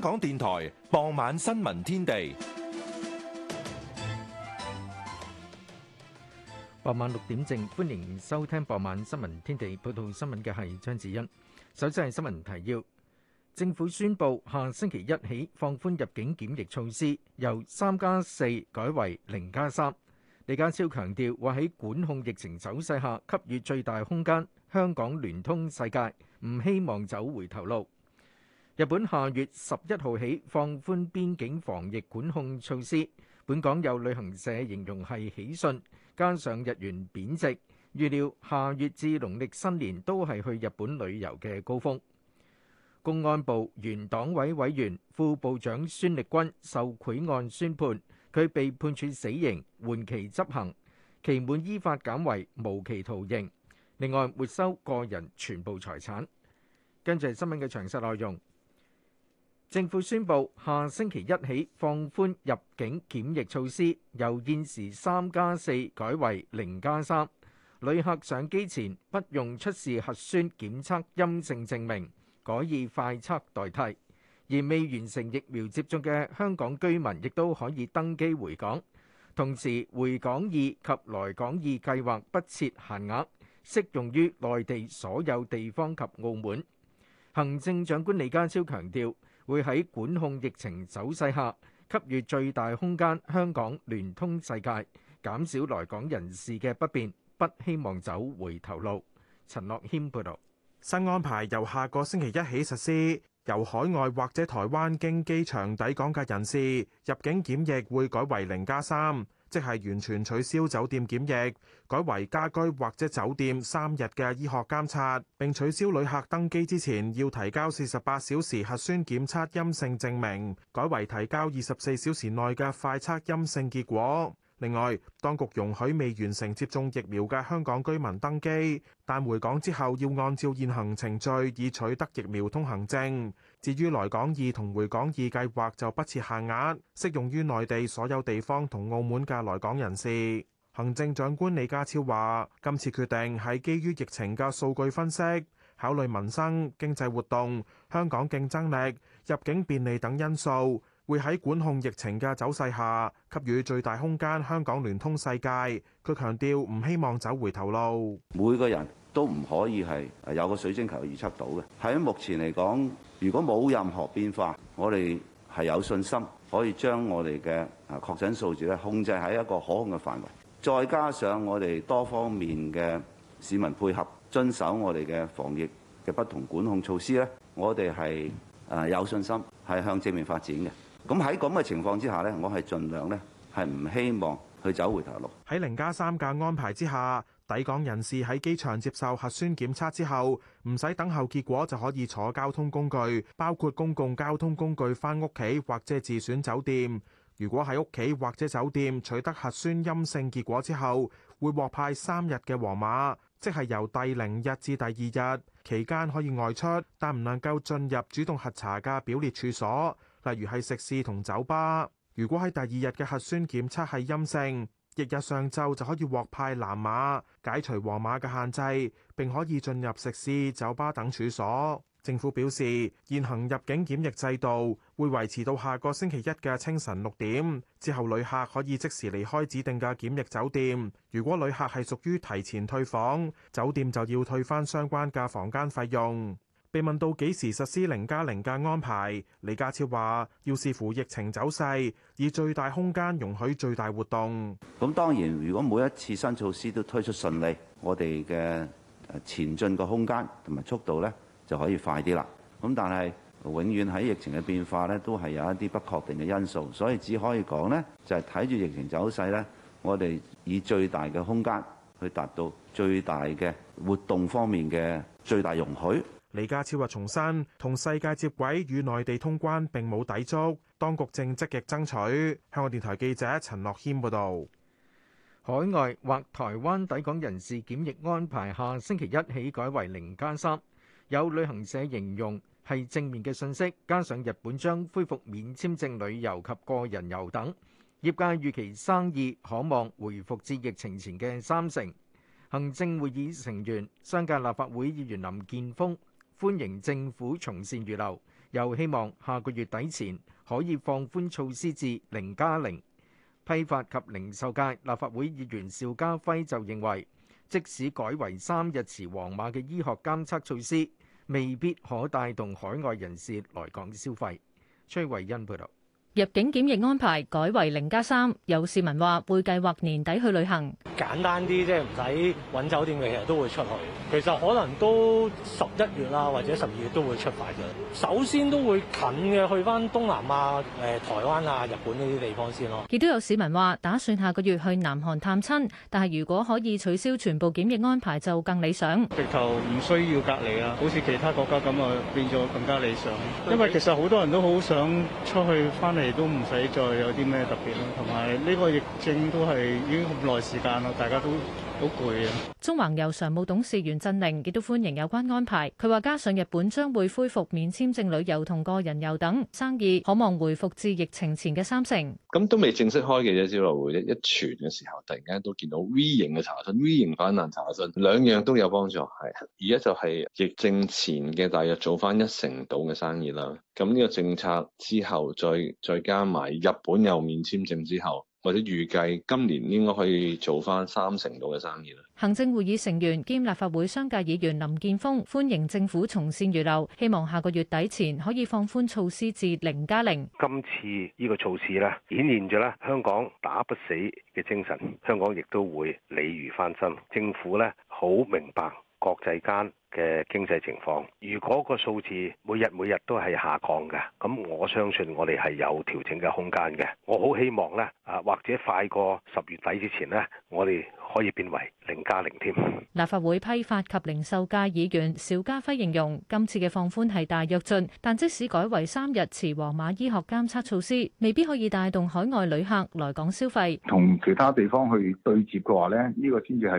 香港電台傍晚新聞天地，傍晚六點正，歡迎收聽傍晚新聞天地。報道新聞嘅係張子欣。首先係新聞提要：政府宣布下星期一起放寬入境檢疫措施，由三加四改為零加三。李家超強調，話喺管控疫情走勢下給予最大空間，香港聯通世界，唔希望走回頭路。日本下月十一號起放寬邊境防疫管控措施。本港有旅行社形容係喜訊，加上日元貶值，預料下月至農曆新年都係去日本旅遊嘅高峰。公安部原黨委委員副部長孫力軍受賄案宣判，佢被判處死刑，緩期執行，期滿依法減為無期徒刑，另外沒收個人全部財產。跟住係新聞嘅詳細內容。政府宣布，下星期一起，放寬入境檢疫措施，由現時三加四，改為零加三。旅客上機前不用出示核酸檢測陰性證明，改以快測代替。而未完成疫苗接種嘅香港居民亦都可以登機回港。同時，回港易及來港易計劃不設限額，適用於內地所有地方及澳門。行政長官李家超強調。會喺管控疫情走勢下給予最大空間，香港聯通世界，減少來港人士嘅不便，不希望走回頭路。陳樂軒報道，新安排由下個星期一起實施，由海外或者台灣經機場抵港嘅人士入境檢疫會改為零加三。3, 即係完全取消酒店檢疫，改為家居或者酒店三日嘅醫學監察，並取消旅客登機之前要提交四十八小時核酸檢測陰性證明，改為提交二十四小時內嘅快測陰性結果。另外，當局容許未完成接種疫苗嘅香港居民登機，但回港之後要按照現行程序以取得疫苗通行證。至於來港易同回港易計劃就不設限額，適用於內地所有地方同澳門嘅來港人士。行政長官李家超話：今次決定係基於疫情嘅數據分析，考慮民生、經濟活動、香港競爭力、入境便利等因素，會喺管控疫情嘅走勢下給予最大空間，香港聯通世界。佢強調唔希望走回頭路。每個人都唔可以係有個水晶球預測到嘅。喺目前嚟講，如果冇任何變化，我哋係有信心可以將我哋嘅啊確診數字咧控制喺一個可控嘅範圍，再加上我哋多方面嘅市民配合，遵守我哋嘅防疫嘅不同管控措施咧，我哋係啊有信心係向正面發展嘅。咁喺咁嘅情況之下咧，我係盡量咧係唔希望去走回頭路。喺零加三嘅安排之下。抵港人士喺機場接受核酸檢測之後，唔使等候結果就可以坐交通工具，包括公共交通工具返屋企或者自選酒店。如果喺屋企或者酒店取得核酸陰性結果之後，會獲派三日嘅黃碼，即係由第零日至第二日期間可以外出，但唔能夠進入主動核查嘅表列處所，例如係食肆同酒吧。如果喺第二日嘅核酸檢測係陰性，翌日上晝就可以獲派藍馬，解除皇馬嘅限制，並可以進入食肆、酒吧等處所。政府表示，現行入境檢疫制度會維持到下個星期一嘅清晨六點，之後旅客可以即時離開指定嘅檢疫酒店。如果旅客係屬於提前退房，酒店就要退翻相關嘅房間費用。被問到幾時實施零加零嘅安排，李家超話：要視乎疫情走勢，以最大空間容許最大活動。咁當然，如果每一次新措施都推出順利，我哋嘅誒前進嘅空間同埋速度咧就可以快啲啦。咁但係永遠喺疫情嘅變化咧，都係有一啲不確定嘅因素，所以只可以講咧，就係睇住疫情走勢咧，我哋以最大嘅空間去達到最大嘅活動方面嘅最大容許。李家超又重申同世界接軌與內地通關並冇抵觸，當局正積極爭取。香港電台記者陳樂軒報導。海外或台灣抵港人士檢疫安排下星期一起改為零加三。有旅行社形容係正面嘅信息，加上日本將恢復免簽證旅遊及個人遊等，業界預期生意可望回復至疫情前嘅三成。行政會議成員、商界立法會議員林健鋒。歡迎政府從善如流，又希望下個月底前可以放寬措施至零加零。批發及零售界立法會議員邵家輝就認為，即使改為三日持黃碼嘅醫學監測措施，未必可帶動海外人士來港消費。崔慧欣報導。入境檢疫安排改為零加三，3，有市民話會計劃年底去旅行。簡單啲即係唔使搵酒店嘅，其實都會出去。其實可能都十一月啦，或者十二月都會出發嘅。首先都會近嘅，去翻東南亞、誒、呃、台灣啊、日本呢啲地方先咯。亦都有市民話打算下個月去南韓探親，但係如果可以取消全部檢疫安排就更理想。直頭唔需要隔離啦，好似其他國家咁啊，變咗更加理想。因為其實好多人都好想出去翻。都唔使再有啲咩特別咯，同埋呢個疫症都係已經咁耐時間啦，大家都好攰啊！縱橫遊常務董事袁振寧亦都歡迎有關安排。佢話：加上日本將會恢復免簽證旅遊同個人遊等生意，可望回復至疫情前嘅三成。咁都未正式開嘅啫，交流會一一傳嘅時候，突然間都見到 V 型嘅查詢，V 型反彈查詢，兩樣都有幫助。係而家就係疫症前嘅大約做翻一成到嘅生意啦。咁呢個政策之後，再再加埋日本又免簽證之後。或者預計今年應該可以做翻三成度嘅生意啦。行政會議成員兼立法會商界議員林建峰歡迎政府從善如流，希望下個月底前可以放寬措施至零加零。今次呢個措施呢，顯現咗咧香港打不死嘅精神，香港亦都會鯉魚翻身。政府呢，好明白國際間。嘅經濟情況，如果個數字每日每日都係下降嘅，咁我相信我哋係有調整嘅空間嘅。我好希望咧，啊或者快過十月底之前咧，我哋可以變為零加零添。立法會批發及零售界議員邵家輝形容今次嘅放寬係大躍進，但即使改為三日持黃碼醫學監測措施，未必可以帶動海外旅客來港消費。同其他地方去對接嘅話呢，呢、呢個先至係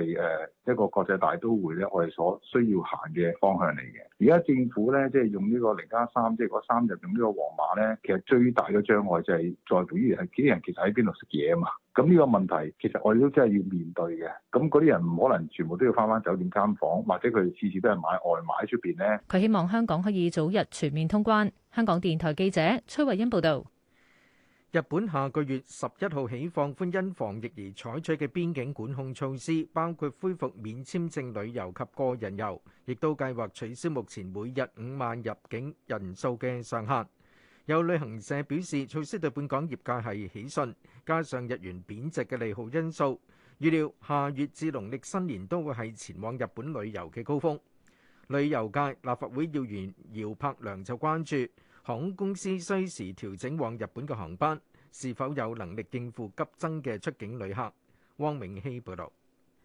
誒一個國際大都會呢，我哋所需要行嘅方向嚟嘅，而家政府咧，即係用呢個零加三，即係嗰三日用呢個黃碼咧，其實最大嘅障礙就係在於係啲人其實喺邊度食嘢啊嘛，咁呢個問題其實我哋都真係要面對嘅，咁嗰啲人唔可能全部都要返返酒店間房，或者佢次次都係買外賣喺出邊咧。佢希望香港可以早日全面通關。香港電台記者崔慧欣報道。日本下個月十一號起放寬因防疫而採取嘅邊境管控措施，包括恢復免簽證旅遊及個人遊，亦都計劃取消目前每日五萬入境人數嘅上限。有旅行社表示，措施對本港業界係喜訊，加上日元貶值嘅利好因素，預料下月至農曆新年都會係前往日本旅遊嘅高峰。旅遊界立法會議員姚柏良就關注。航空公司需時調整往日本嘅航班，是否有能力應付急增嘅出境旅客？汪明熙報道：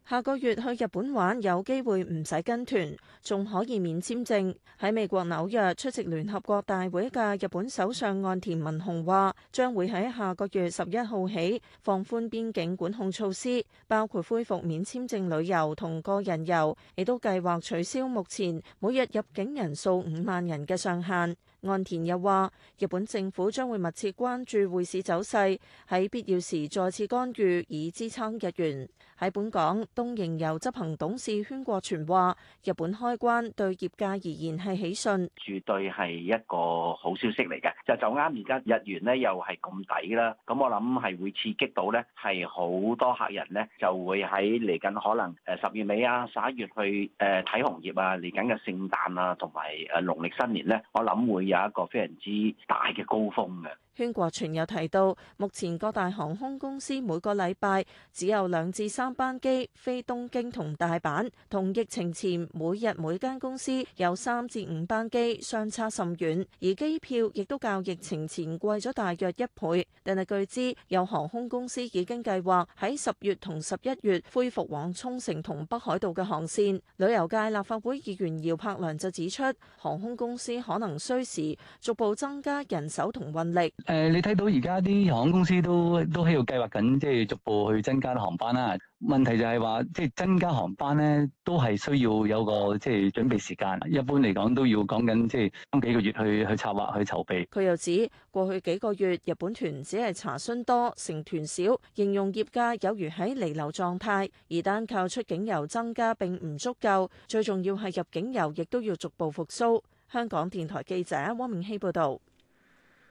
下個月去日本玩有機會唔使跟團，仲可以免簽證。喺美國紐約出席聯合國大會嘅日本首相岸田文雄話，將會喺下個月十一號起放寬邊境管控措施，包括恢復免簽證旅遊同個人遊，亦都計劃取消目前每日入境人數五萬人嘅上限。岸田又話：日本政府將會密切關注匯市走勢，喺必要時再次干預以支撐日元。喺本港，東瀛遊執行董事禤國全話：日本開關對業界而言係喜訊，絕對係一個好消息嚟嘅。就就啱而家日元呢又係咁抵啦，咁我諗係會刺激到呢，係好多客人呢就會喺嚟緊可能誒十月尾啊、十一月去誒睇紅葉啊、嚟緊嘅聖誕啊、同埋誒農曆新年呢，我諗會有。有一個非常之大嘅高峰嘅啊。軒國全又提到，目前各大航空公司每個禮拜只有兩至三班機飛東京同大阪，同疫情前每日每間公司有三至五班機相差甚遠，而機票亦都較疫情前貴咗大約一倍。但係據知，有航空公司已經計劃喺十月同十一月恢復往沖繩同北海道嘅航線。旅遊界立法會議員姚柏良就指出，航空公司可能需時逐步增加人手同運力。誒，你睇到而家啲航空公司都都喺度計劃緊即係逐步去增加航班啦。問題就係話即係增加航班咧，都係需要有個即係準備時間，一般嚟講都要講緊即係三幾個月去策去策劃去籌備，佢又指，過去幾個月日本團只係查詢多，成團少，形容業界有如喺彌留狀態，而單靠出境遊增加並唔足夠，最重要係入境遊亦都要逐步復蘇，香港電台記者汪明希報道。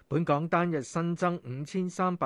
本港單日新增5387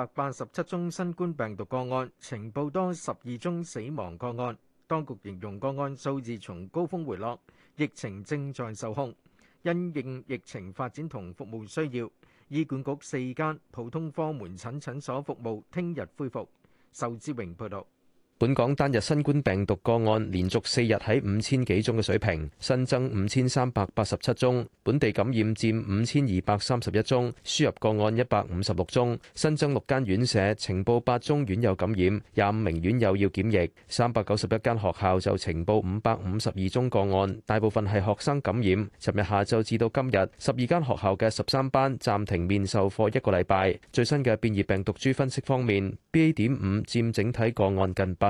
本港單日新冠病毒個案連續四日喺五千幾宗嘅水平，新增五千三百八十七宗，本地感染佔五千二百三十一宗，輸入個案一百五十六宗，新增六間院舍，呈報八宗院友感染，廿五名院友要檢疫，三百九十一間學校就呈報五百五十二宗個案，大部分係學生感染。尋日下晝至到今日，十二間學校嘅十三班暫停面授課一個禮拜。最新嘅變異病毒株分析方面，BA. 點五佔整體個案近八。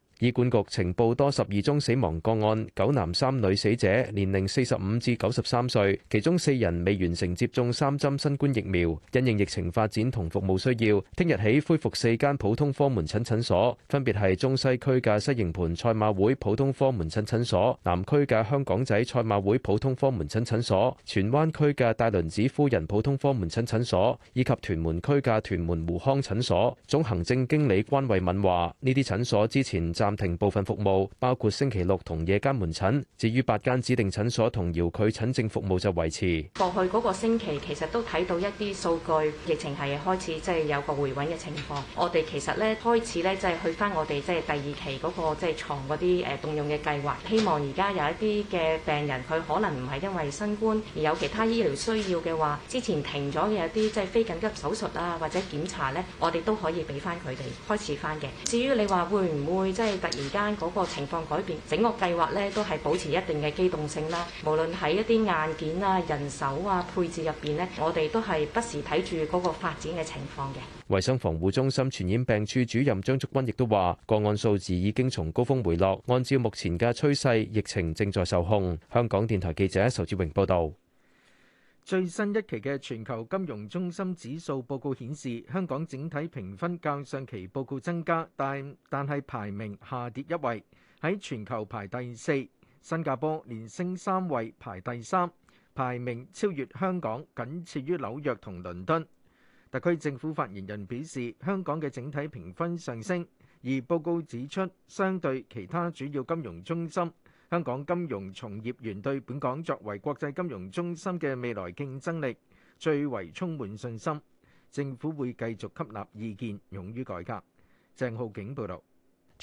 醫管局呈報多十二宗死亡個案，九男三女死者，年齡四十五至九十三歲，其中四人未完成接種三針新冠疫苗。因應疫情發展同服務需要，聽日起恢復四間普通科門診診所，分別係中西區嘅西營盤賽馬會普通科門診診所、南區嘅香港仔賽馬會普通科門診診所、荃灣區嘅戴麟趾夫人普通科門診診所，以及屯門區嘅屯門湖康診所。總行政經理關慧敏話：呢啲診所之前暫暫停部分服務，包括星期六同夜間門診，至於八間指定診所同遙距診症服務就維持。過去嗰個星期其實都睇到一啲數據疫情係開始，即係有個回穩嘅情況。我哋其實呢，開始呢，即係去返我哋即係第二期嗰個即係床嗰啲動用嘅計劃。希望依家有一啲嘅病人，佢可能唔係因為新冠而有其他醫療需要嘅話，之前停咗嘅一啲，即係非緊急手術呀或者檢查呢，我哋都可以俾返佢哋開始返嘅。至於你話會唔會，即係突然間嗰個情況改變，整個計劃咧都係保持一定嘅機動性啦。無論喺一啲硬件啊、人手啊、配置入邊呢，我哋都係不時睇住嗰個發展嘅情況嘅。衞生防護中心傳染病處主任張竹君亦都話：個案數字已經從高峰回落，按照目前嘅趨勢，疫情正在受控。香港電台記者仇志榮報道。最新一期嘅全球金融中心指數報告顯示，香港整體評分較上期報告增加，但但係排名下跌一位，喺全球排第四。新加坡連升三位，排第三，排名超越香港，僅次於紐約同倫敦。特區政府發言人表示，香港嘅整體評分上升，而報告指出，相對其他主要金融中心。香港金融從業員對本港作為國際金融中心嘅未來競爭力最為充滿信心，政府會繼續吸納意見，勇於改革。鄭浩景報道。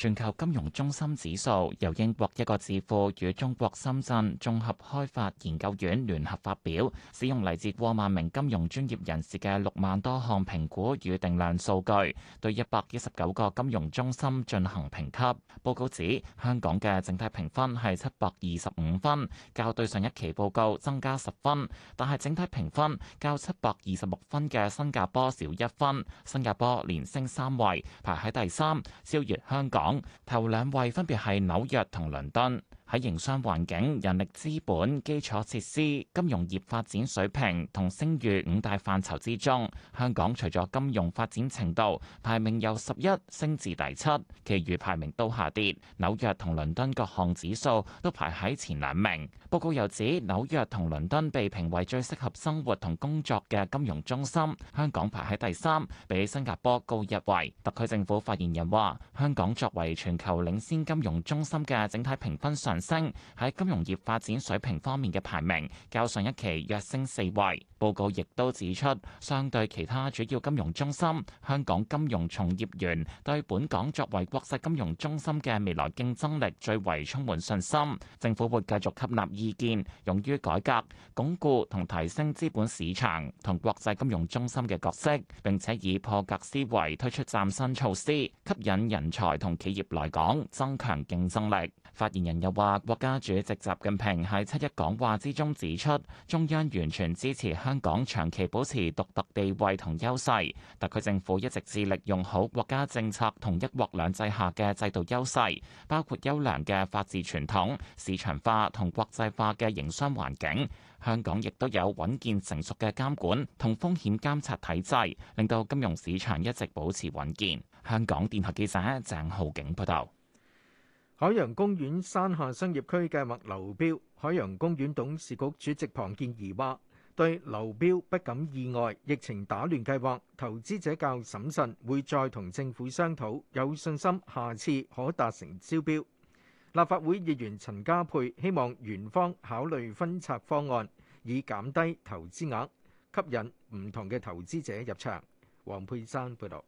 全球金融中心指數由英國一個智庫與中國深圳綜合開發研究院聯合發表，使用嚟自過萬名金融專業人士嘅六萬多項評估與定量數據，對一百一十九個金融中心進行評級。報告指香港嘅整體評分係七百二十五分，較對上一期報告增加十分，但係整體評分較七百二十六分嘅新加坡少一分。新加坡連升三位，排喺第三，超越香港。頭兩位分別係紐約同倫敦。喺營商環境、人力資本、基礎設施、金融業發展水平同聲譽五大範疇之中，香港除咗金融發展程度排名由十一升至第七，其餘排名都下跌。紐約同倫敦各項指數都排喺前兩名。報告又指紐約同倫敦被評為最適合生活同工作嘅金融中心，香港排喺第三，比新加坡高一位。特區政府發言人話：香港作為全球領先金融中心嘅整體評分上。升喺金融業發展水平方面嘅排名，較上一期躍升四位。報告亦都指出，相對其他主要金融中心，香港金融從業員對本港作為國際金融中心嘅未來競爭力最為充滿信心。政府會繼續吸納意見，勇於改革、鞏固同提升資本市場同國際金融中心嘅角色，並且以破格思維推出嶄新措施，吸引人才同企業來港，增強競爭力。發言人又話。國家主席習近平喺七一講話之中指出，中央完全支持香港長期保持獨特地位同優勢，特區政府一直致力用好國家政策同一國兩制下嘅制度優勢，包括優良嘅法治傳統、市場化同國際化嘅營商環境。香港亦都有穩健成熟嘅監管同風險監察體制，令到金融市場一直保持穩健。香港電台記者鄭浩景報道。海洋公園山下商業區計劃流標，海洋公園董事局主席龐建貽話：對流標不感意外，疫情打亂計劃，投資者較審慎，會再同政府商討，有信心下次可達成招標。立法會議員陳家珮希望園方考慮分拆方案，以減低投資額，吸引唔同嘅投資者入場。黃佩珊報道。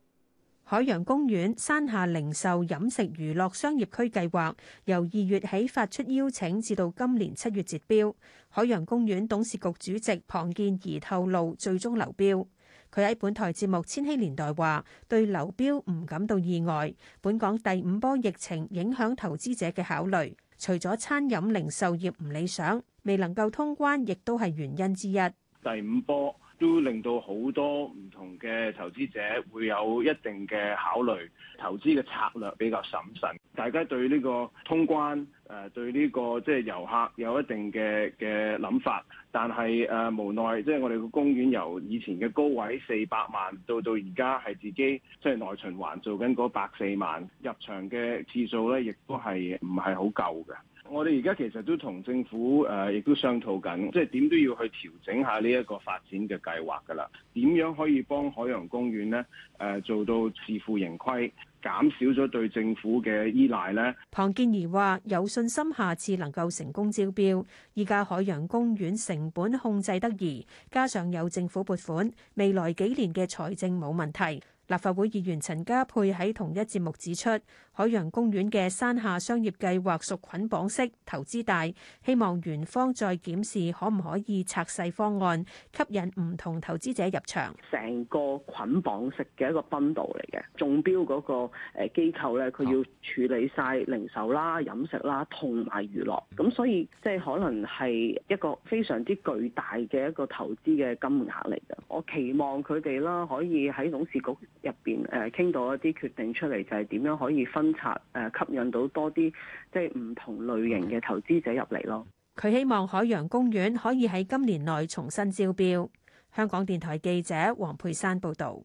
海洋公園山下零售飲食娛樂商業區計劃由二月起發出邀請，至到今年七月截標。海洋公園董事局主席龐建貽透露，最終流標。佢喺本台節目《千禧年代》話：對流標唔感到意外。本港第五波疫情影響投資者嘅考慮，除咗餐飲零售業唔理想，未能夠通關，亦都係原因之一。第五波都令到好多唔同嘅投資者會有一定嘅考慮，投資嘅策略比較審慎。大家對呢個通關，誒、呃、對呢個即係遊客有一定嘅嘅諗法，但係誒、呃、無奈，即、就、係、是、我哋個公園由以前嘅高位四百萬，到到而家係自己即係內循環做緊嗰百四萬入場嘅次數咧，亦都係唔係好夠嘅。我哋而家其實都同政府誒，亦都商討緊，即係點都要去調整下呢一個發展嘅計劃㗎啦。點樣可以幫海洋公園咧誒做到自負盈虧，減少咗對政府嘅依賴呢？龐建儀話有信心下次能夠成功招標。而家海洋公園成本控制得宜，加上有政府撥款，未來幾年嘅財政冇問題。立法會議員陳家配喺同一節目指出，海洋公園嘅山下商業計劃屬捆綁式投資大，希望元方再檢視可唔可以拆細方案，吸引唔同投資者入場。成個捆綁式嘅一個 b 道嚟嘅中標嗰個誒機構咧，佢要處理晒零售啦、飲食啦同埋娛樂，咁所以即係可能係一個非常之巨大嘅一個投資嘅金額嚟嘅。我期望佢哋啦可以喺董事局。入邊誒傾到一啲決定出嚟，就係點樣可以分拆誒吸引到多啲即係唔同類型嘅投資者入嚟咯。佢、嗯、希望海洋公園可以喺今年內重新招標。香港電台記者黃佩珊報導。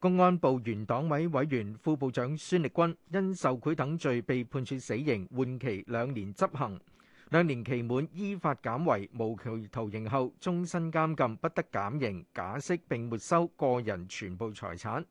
公安部原黨委委員副部長孫力軍因受賄等罪被判處死刑，緩期兩年執行。兩年期滿，依法減為無期徒刑後，終身監禁，不得減刑、假釋並沒收個人全部財產。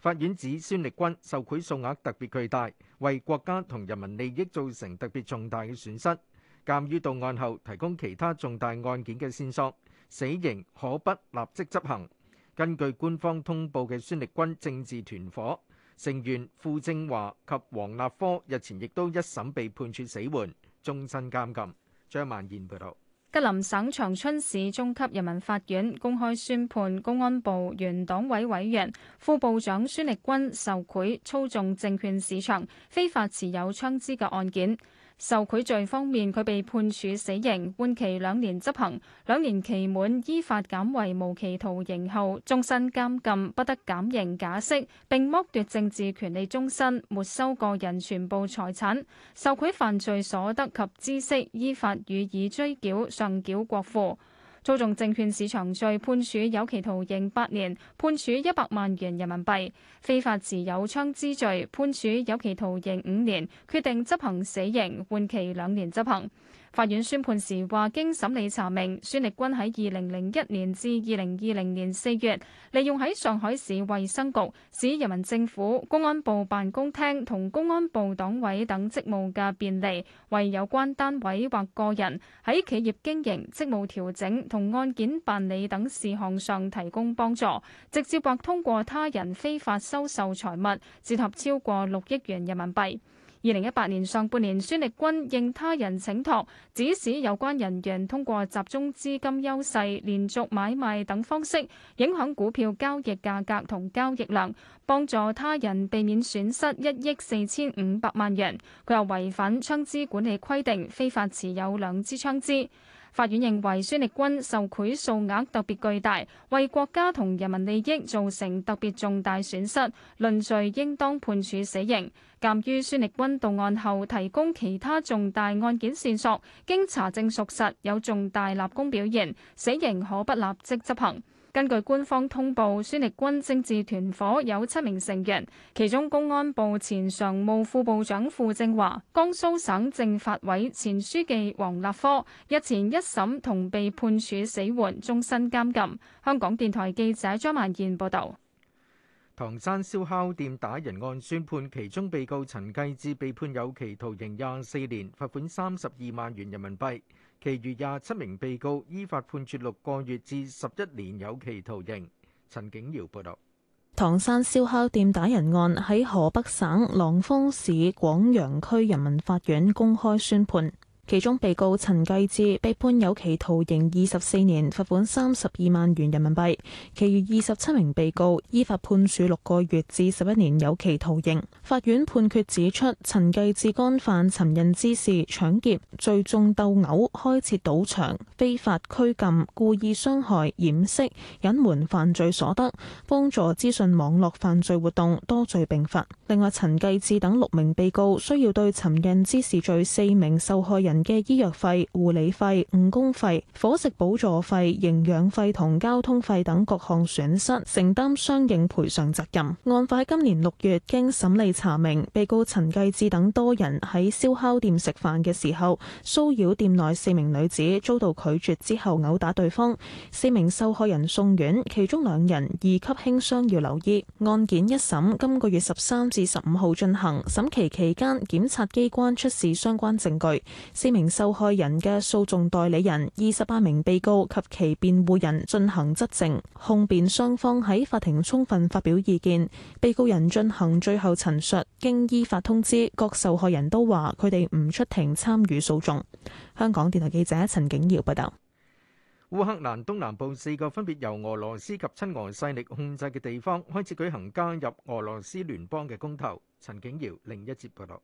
法院指孫力軍受賄數額特別巨大，為國家同人民利益造成特別重大嘅損失。鑑於到案後提供其他重大案件嘅線索，死刑可不立即執行。根據官方通報嘅孫力軍政治團伙成員傅政華及王立科日前亦都一審被判處死緩。終身監禁。張萬燕報道，吉林省長春市中級人民法院公開宣判公安部原黨委委員、副部長孫力軍受賄、操縱證券市場、非法持有槍支嘅案件。受賄罪方面，佢被判處死刑，緩期兩年執行，兩年期滿依法減為無期徒刑後，終身監禁，不得減刑假釋，並剝奪政治權利終身，沒收個人全部財產，受賄犯罪所得及孳息依法予以追繳上繳國庫。操縱證券市場罪判處有期徒刑八年，判處一百萬元人民幣；非法持有槍支罪判處有期徒刑五年，決定執行死刑，緩期兩年執行。法院宣判時話，經審理查明，孫力軍喺二零零一年至二零二零年四月，利用喺上海市衛生局、市人民政府、公安部辦公廳同公安部黨委等職務嘅便利，為有關單位或個人喺企業經營、職務調整同案件辦理等事項上提供幫助，直接或通過他人非法收受財物，折合超過六億元人民幣。二零一八年上半年，孫力軍應他人請託，指使有關人員通過集中資金優勢、連續買賣等方式，影響股票交易價格同交易量，幫助他人避免損失一億四千五百萬元。佢又違反槍支管理規定，非法持有兩支槍支。法院認為，孫力軍受賄數額特別巨大，為國家同人民利益造成特別重大損失，論罪應當判處死刑。鑒於孫力軍到案後提供其他重大案件綫索，經查證屬實，有重大立功表現，死刑可不立即執行。根據官方通報，孫力軍政治團夥有七名成員，其中公安部前常務副部長傅政華、江蘇省政法委前書記王立科日前一審同被判處死緩、終身監禁。香港電台記者張曼燕報道。唐山燒烤店打人案宣判，其中被告陳繼志被判有期徒刑廿四年，罰款三十二萬元人民幣。其餘廿七名被告依法判處六個月至十一年有期徒刑。陳景瑤報道：唐山燒烤店打人案喺河北省廊坊市廣陽區人民法院公開宣判。其中被告陳繼志被判有期徒刑二十四年，罰款三十二萬元人民幣。其餘二十七名被告依法判處六個月至十一年有期徒刑。法院判決指出，陳繼志干犯尋釁滋事、搶劫、聚眾鬥毆、開設賭場、非法拘禁、故意傷害、掩飾、隱瞞犯罪所得、幫助資訊網絡犯罪活動多罪並罰。另外，陳繼志等六名被告需要對尋釁滋事罪四名受害人。嘅醫藥費、護理費、誤工費、伙食補助費、營養費同交通費等各項損失，承擔相應賠償責任。案發今年六月，經審理查明，被告陳繼志等多人喺燒烤店食飯嘅時候，騷擾店內四名女子，遭到拒絕之後毆打對方。四名受害人送院，其中兩人二級輕傷要留醫。案件一審今個月十三至十五號進行，審期期間，檢察機關出示相關證據。四名受害人嘅訴訟代理人、二十八名被告及其辯護人進行質證，控辯雙方喺法庭充分發表意見，被告人進行最後陳述。經依法通知，各受害人都話佢哋唔出庭參與訴訟。香港電台記者陳景堯報道。烏克蘭東南部四個分別由俄羅斯及親俄勢力控制嘅地方開始舉行加入俄羅斯聯邦嘅公投。陳景堯另一節報道。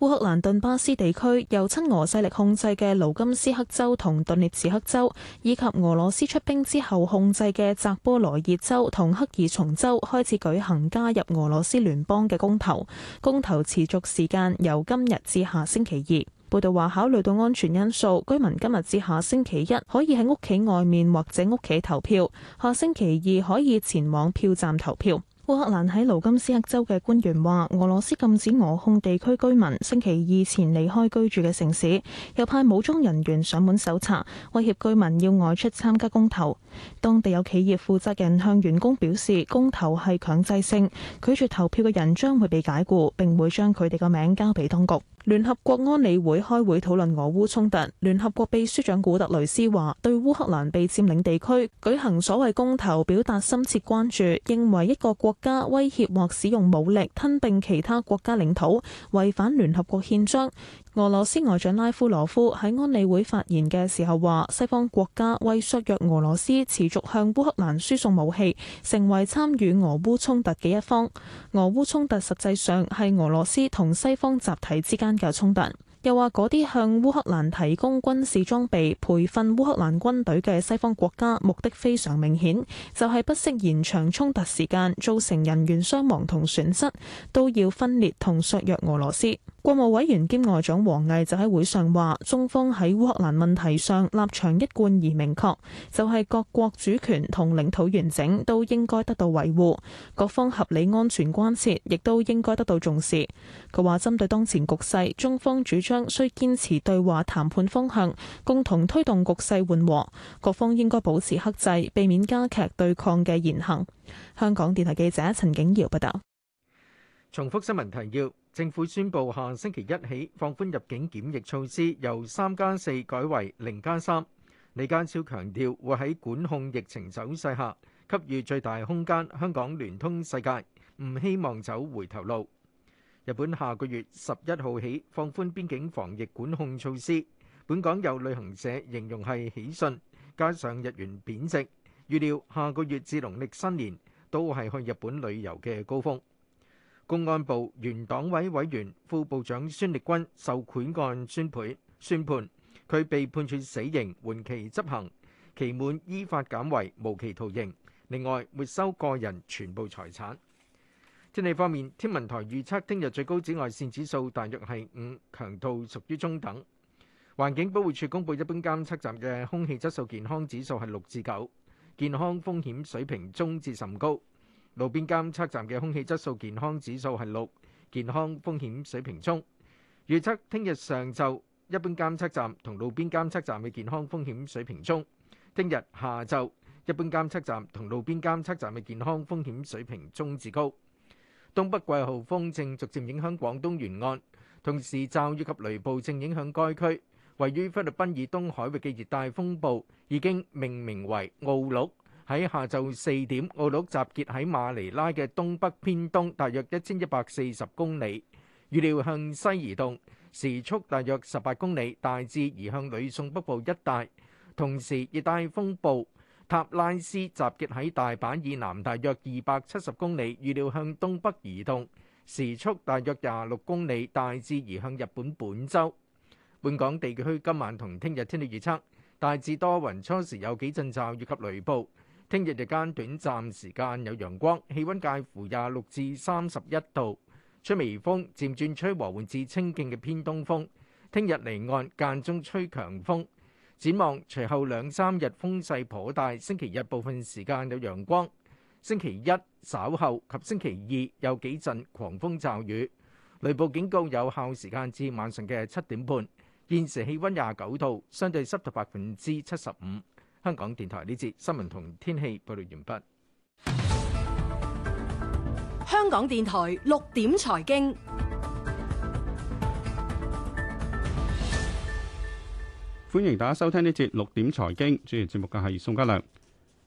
烏克蘭頓巴斯地區由親俄勢力控制嘅盧甘斯克州同頓涅茨克州，以及俄羅斯出兵之後控制嘅扎波羅熱州同克爾松州開始舉行加入俄羅斯聯邦嘅公投。公投持續時間由今日至下星期二。報道話，考慮到安全因素，居民今日至下星期一可以喺屋企外面或者屋企投票，下星期二可以前往票站投票。烏克蘭喺盧甘斯克州嘅官員話，俄羅斯禁止俄控地區居民星期二前離開居住嘅城市，又派武裝人員上門搜查，威脅居民要外出參加公投。當地有企業負責人向員工表示，公投係強制性，拒絕投票嘅人將會被解雇，並會將佢哋個名交俾當局。聯合國安理會開會討論俄烏衝突。聯合國秘書長古特雷斯話：對烏克蘭被佔領地區舉行所謂公投，表達深切關注，認為一個國家威脅或使用武力吞併其他國家領土，違反聯合國憲章。俄羅斯外長拉夫羅夫喺安理會發言嘅時候話，西方國家為削弱俄羅斯，持續向烏克蘭輸送武器，成為參與俄烏衝突嘅一方。俄烏衝突實際上係俄羅斯同西方集體之間嘅衝突。又話嗰啲向烏克蘭提供軍事裝備、培訓烏克蘭軍隊嘅西方國家，目的非常明顯，就係不惜延長衝突時間，造成人員傷亡同損失，都要分裂同削弱俄羅斯。國務委員兼外長王毅就喺會上話，中方喺烏克蘭問題上立場一貫而明確，就係各國主權同領土完整都應該得到維護，各方合理安全關切亦都應該得到重視。佢話，針對當前局勢，中方主張需堅持對話談判方向，共同推動局勢緩和。各方應該保持克制，避免加劇對抗嘅言行。香港電台記者陳景瑤報道。重複新聞提要。政府宣布下星期一起放寬入境檢疫措施，由三加四改為零加三。李家超強調，會喺管控疫情走勢下給予最大空間，香港聯通世界，唔希望走回頭路。日本下個月十一號起放寬邊境防疫管控措施，本港有旅行社形容係喜訊，加上日元貶值，預料下個月至農曆新年都係去日本旅遊嘅高峰。公安部原黨委委員、副部長孫力軍受賄案宣判，宣判佢被判處死刑，緩期執行，期滿依法減為無期徒刑。另外沒收個人全部財產。天氣方面，天文台預測聽日最高紫外線指數大約係五，強度屬於中等。環境保護署公布一般監測站嘅空氣質素健康指數係六至九，健康風險水平中至甚高。路邊監測站嘅空氣質素健康指數係六，健康風險水平中。預測聽日上晝一般監測站同路邊監測站嘅健康風險水平中。聽日下晝一般監測站同路邊監測站嘅健康風險水平中至高。東北季候風正逐漸影響廣東沿岸，同時驟雨及雷暴正影響該區。位於菲律賓以東海域嘅熱帶風暴已經命名為奧鹿。喺下晝四點，奧鹿集結喺馬尼拉嘅東北偏東，大約一千一百四十公里，預料向西移動，時速大約十八公里，大致移向呂宋北部一帶。同時，熱帶風暴塔拉斯集結喺大阪以南，大約二百七十公里，預料向東北移動，時速大約廿六公里，大致移向日本本州。本港地區今晚同聽日天氣預測，大致多雲，初時有幾陣驟雨及雷暴。聽日日間短暫時間有陽光，氣温介乎廿六至三十一度，吹微風，漸轉吹和緩至清勁嘅偏東風。聽日離岸間中吹強風，展望隨後兩三日風勢頗大。星期日部分時間有陽光，星期一稍後及星期二有幾陣狂風驟雨，雷暴警告有效時間至晚上嘅七點半。現時氣温廿九度，相對濕度百分之七十五。香港電台呢節新聞同天氣報道完畢。香港電台六點財經，歡迎大家收聽呢節六點財經。主持節目嘅係宋嘉良。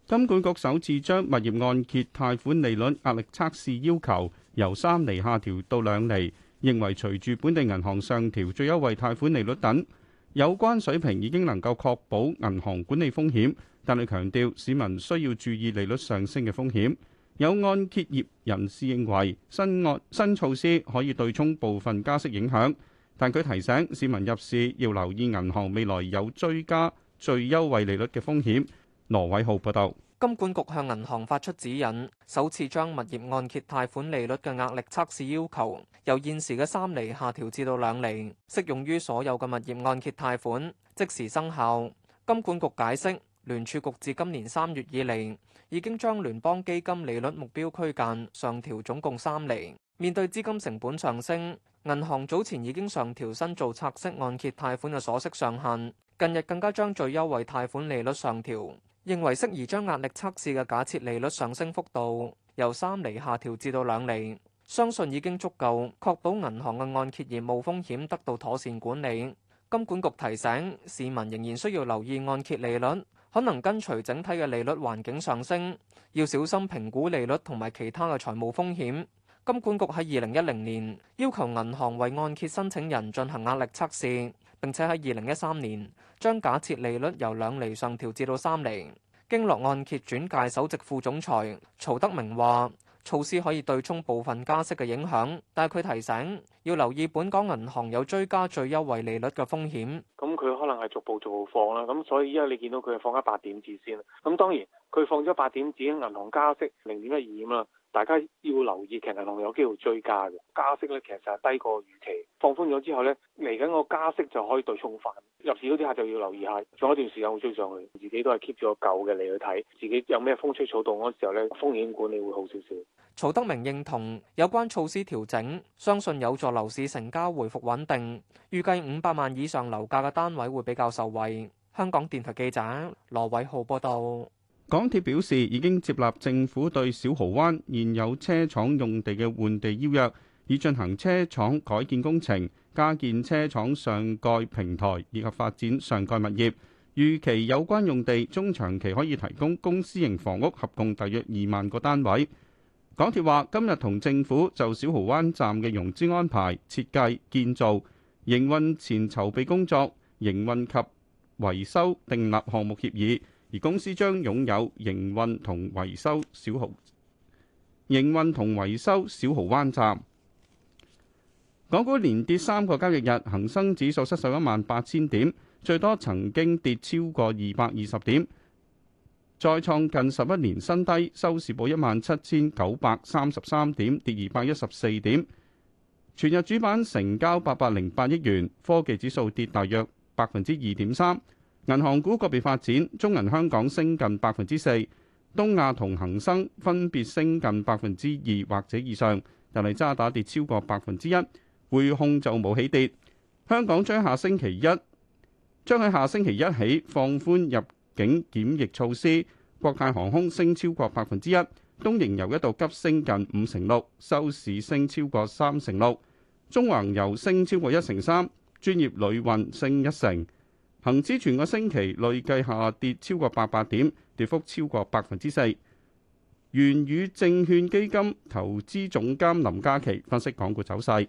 金管局首次將物業按揭貸款利率壓力測試要求由三厘下調到兩厘，認為隨住本地銀行上調最優惠貸款利率等。有關水平已經能夠確保銀行管理風險，但佢強調市民需要注意利率上升嘅風險。有按揭業人士認為新按新措施可以對沖部分加息影響，但佢提醒市民入市要留意銀行未來有追加最優惠利率嘅風險。羅偉浩報道。金管局向銀行發出指引，首次將物業按揭貸款利率嘅壓力測試要求由現時嘅三厘下調至到兩厘，適用於所有嘅物業按揭貸款，即時生效。金管局解釋，聯儲局自今年三月以嚟已經將聯邦基金利率目標區間上調總共三厘。面對資金成本上升，銀行早前已經上調新造拆息按揭貸款嘅鎖息上限，近日更加將最優惠貸款利率上調。認為適宜將壓力測試嘅假設利率上升幅度由三厘下調至到兩厘，相信已經足夠確保銀行嘅按揭業務風險得到妥善管理。金管局提醒市民仍然需要留意按揭利率可能跟隨整體嘅利率環境上升，要小心評估利率同埋其他嘅財務風險。金管局喺二零一零年要求銀行為按揭申請人進行壓力測試，並且喺二零一三年，將假設利率由兩厘上調至到三厘。經絡按揭轉介首席副總裁曹德明話，措施可以對沖部分加息嘅影響，但係佢提醒要留意本港銀行有追加最優惠利率嘅風險。咁佢可能係逐步做放啦，咁所以依家你見到佢放咗八點子先啦。咁當然佢放咗八點子，銀行加息零點一二咁啦。大家要留意，其實仲有機會追加嘅加息咧，其實係低過預期。放寬咗之後咧，嚟緊個加息就可以對沖翻。入市嗰啲客就要留意下，仲有一段時間會追上去。自己都係 keep 住個舊嘅你去睇，自己有咩風吹草動嗰時候咧，風險管理會好少少。曹德明認同有關措施調整，相信有助樓市成交回復穩定。預計五百萬以上樓價嘅單位會比較受惠。香港電台記者羅偉浩報道。港鐵表示，已經接納政府對小蚝灣現有車廠用地嘅換地邀約，以進行車廠改建工程，加建車廠上蓋平台以及發展上蓋物業。預期有關用地中長期可以提供公私營房屋，合共大約二萬個單位。港鐵話，今日同政府就小蚝灣站嘅融資安排、設計、建造、營運前籌備工作、營運及維修訂立項目協議。而公司將擁有營運同維修小豪營運同維修小豪灣站。港股連跌三個交易日，恒生指數失守一萬八千點，最多曾經跌超過二百二十點，再創近十一年新低。收市報一萬七千九百三十三點，跌二百一十四點。全日主板成交八百零八億元，科技指數跌大約百分之二點三。銀行股個別發展，中銀香港升近百分之四，東亞同恒生分別升近百分之二或者以上，油利渣打跌超過百分之一，匯控就冇起跌。香港將下星期一將喺下星期一起放寬入境檢疫措施。國泰航空升超過百分之一，東瀛遊一度急升近五成六，收市升超過三成六，縱橫遊升超過一成三，專業旅運升一成。恒指全個星期累計下跌超過八百點，跌幅超過百分之四。元宇證券基金投資總監林嘉琪分析港股走勢。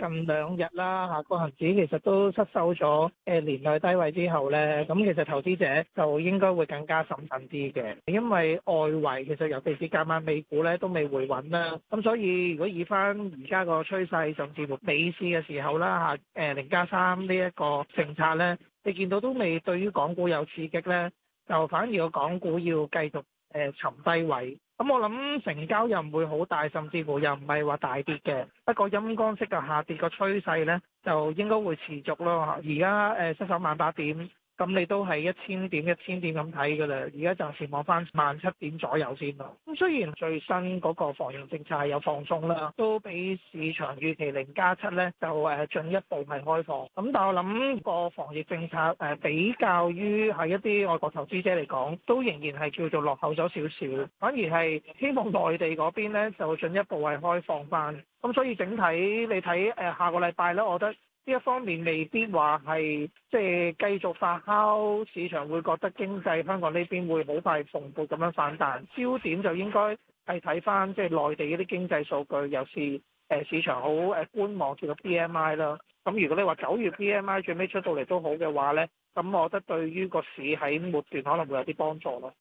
近兩日啦嚇，個恆指其實都失守咗，誒年內低位之後咧，咁其實投資者就應該會更加謹慎啲嘅，因為外圍其實尤其是今晚美股咧都未回穩啦，咁所以如果以翻而家個趨勢，甚至乎美市嘅時候啦嚇，誒零加三呢一個政策咧，你見到都未對於港股有刺激咧，就反而個港股要繼續誒沉低位。咁、嗯、我諗成交又唔會好大，甚至乎又唔係話大跌嘅。不過陰乾式嘅下跌個趨勢呢，就應該會持續咯。而家誒失守萬八點。咁你都係一千點、一千點咁睇㗎啦，而家暫時望翻萬七點左右先咯。咁雖然最新嗰個防疫政策係有放鬆啦，都比市場預期零加七咧，就誒進一步係開放。咁但係我諗個防疫政策誒、呃、比較於係一啲外國投資者嚟講，都仍然係叫做落後咗少少，反而係希望內地嗰邊咧就進一步係開放翻。咁所以整體你睇誒下個禮拜咧，我覺得。呢一方面未必話係即係繼續發酵，市場會覺得經濟香港呢邊會好快蓬勃咁樣反彈。焦點就應該係睇返即係內地嗰啲經濟數據，又是誒市場好誒觀望叫做 P M I 啦。咁、這個、如果你話九月 P M I 最尾出到嚟都好嘅話呢，咁我覺得對於個市喺末段可能會有啲幫助咯。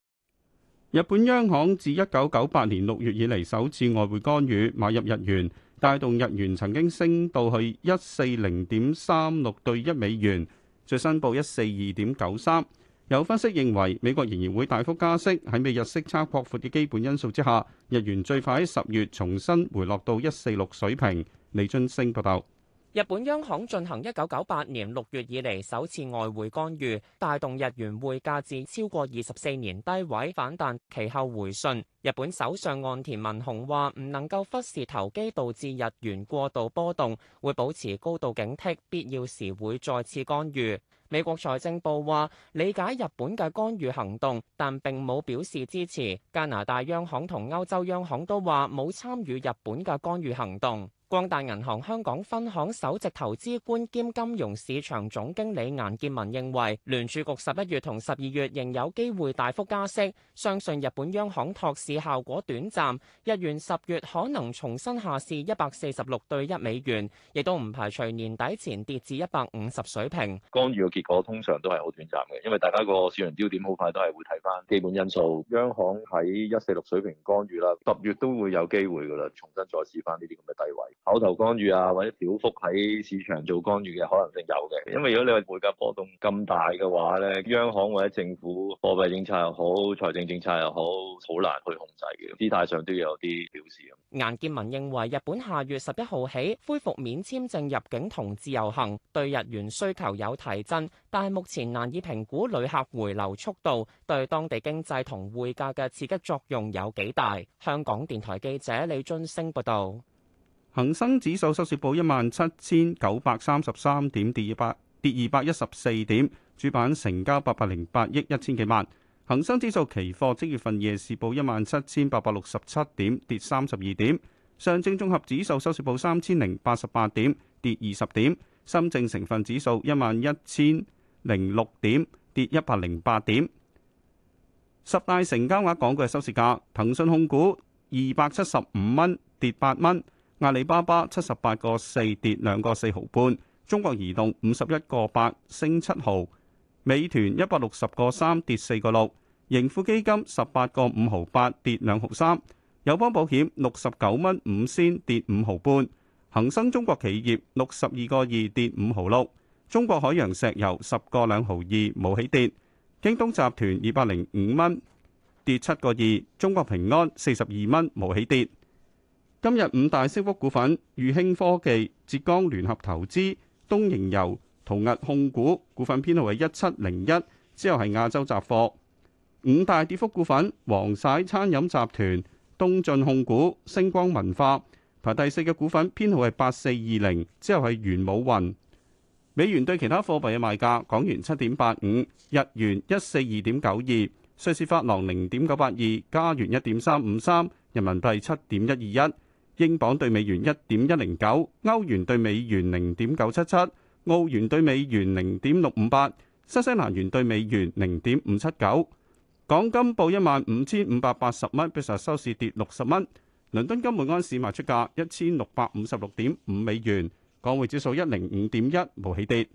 日本央行自一九九八年六月以嚟首次外匯干預買入日元。帶動日元曾經升到去一四零點三六對一美元，最新報一四二點九三。有分析認為，美國仍然會大幅加息，喺美日息差擴闊嘅基本因素之下，日元最快喺十月重新回落到一四六水平。李俊升報道。日本央行進行一九九八年六月以嚟首次外匯干預，帶動日元匯價至超過二十四年低位反彈，其後回信，日本首相岸田文雄話唔能夠忽視投機導致日元過度波動，會保持高度警惕，必要時會再次干預。美國財政部話理解日本嘅干預行動，但並冇表示支持。加拿大央行同歐洲央行都話冇參與日本嘅干預行動。光大銀行香港分行首席投資官兼金融市場總經理顏建文認為，聯儲局十一月同十二月仍有機會大幅加息，相信日本央行托市效果短暫，日元十月可能重新下試一百四十六對一美元，亦都唔排除年底前跌至一百五十水平。干預嘅結果通常都係好短暫嘅，因為大家個市場焦點好快都係會睇翻基本因素。央行喺一四六水平干預啦，十月都會有機會噶啦，重新再試翻呢啲咁嘅低位。口頭干預啊，或者小幅喺市場做干預嘅可能性有嘅，因為如果你話匯價波動咁大嘅話咧，央行或者政府貨幣政策又好，財政政策又好，好難去控制嘅，姿態上都要有啲表示。顏建文認為，日本下月十一號起恢復免簽證入境同自由行，對日元需求有提振，但係目前難以評估旅客回流速度對當地經濟同匯價嘅刺激作用有幾大。香港電台記者李津升報道。恒生指數收市報一萬七千九百三十三點，跌一百，跌二百一十四點。主板成交八百零八億一千幾萬。恒生指數期貨即月份夜市報一萬七千八百六十七點，跌三十二點。上證綜合指數收市報三千零八十八點，跌二十點。深證成分指數一萬一千零六點，跌一百零八點。十大成交額講嘅係收市價，騰訊控股二百七十五蚊，跌八蚊。阿里巴巴七十八個四跌兩個四毫半，中國移動五十一個八升七毫，美團一百六十個三跌四個六，盈富基金十八個五毫八跌兩毫三，友邦保險六十九蚊五仙跌五毫半，恒生中國企業六十二個二跌五毫六，中國海洋石油十個兩毫二冇起跌，京東集團二百零五蚊跌七個二，中國平安四十二蚊冇起跌。今日五大升幅股份：裕興科技、浙江聯合投資、東營油、淘額控股。股份編號係一七零一。之後係亞洲雜貨。五大跌幅股份：黃璽餐飲集團、東進控股、星光文化。排第四嘅股份編號係八四二零。之後係元武雲。美元對其他貨幣嘅賣價：港元七點八五，日元一四二點九二，瑞士法郎零點九八二，加元一點三五三，人民幣七點一二一。英鎊兌美元一點一零九，歐元兌美元零點九七七，澳元兌美元零點六五八，新西蘭元兌美元零點五七九。港金報一萬五千五百八十蚊，比實收市跌六十蚊。倫敦金每安士賣出價一千六百五十六點五美元，港匯指數一零五點一，無起跌。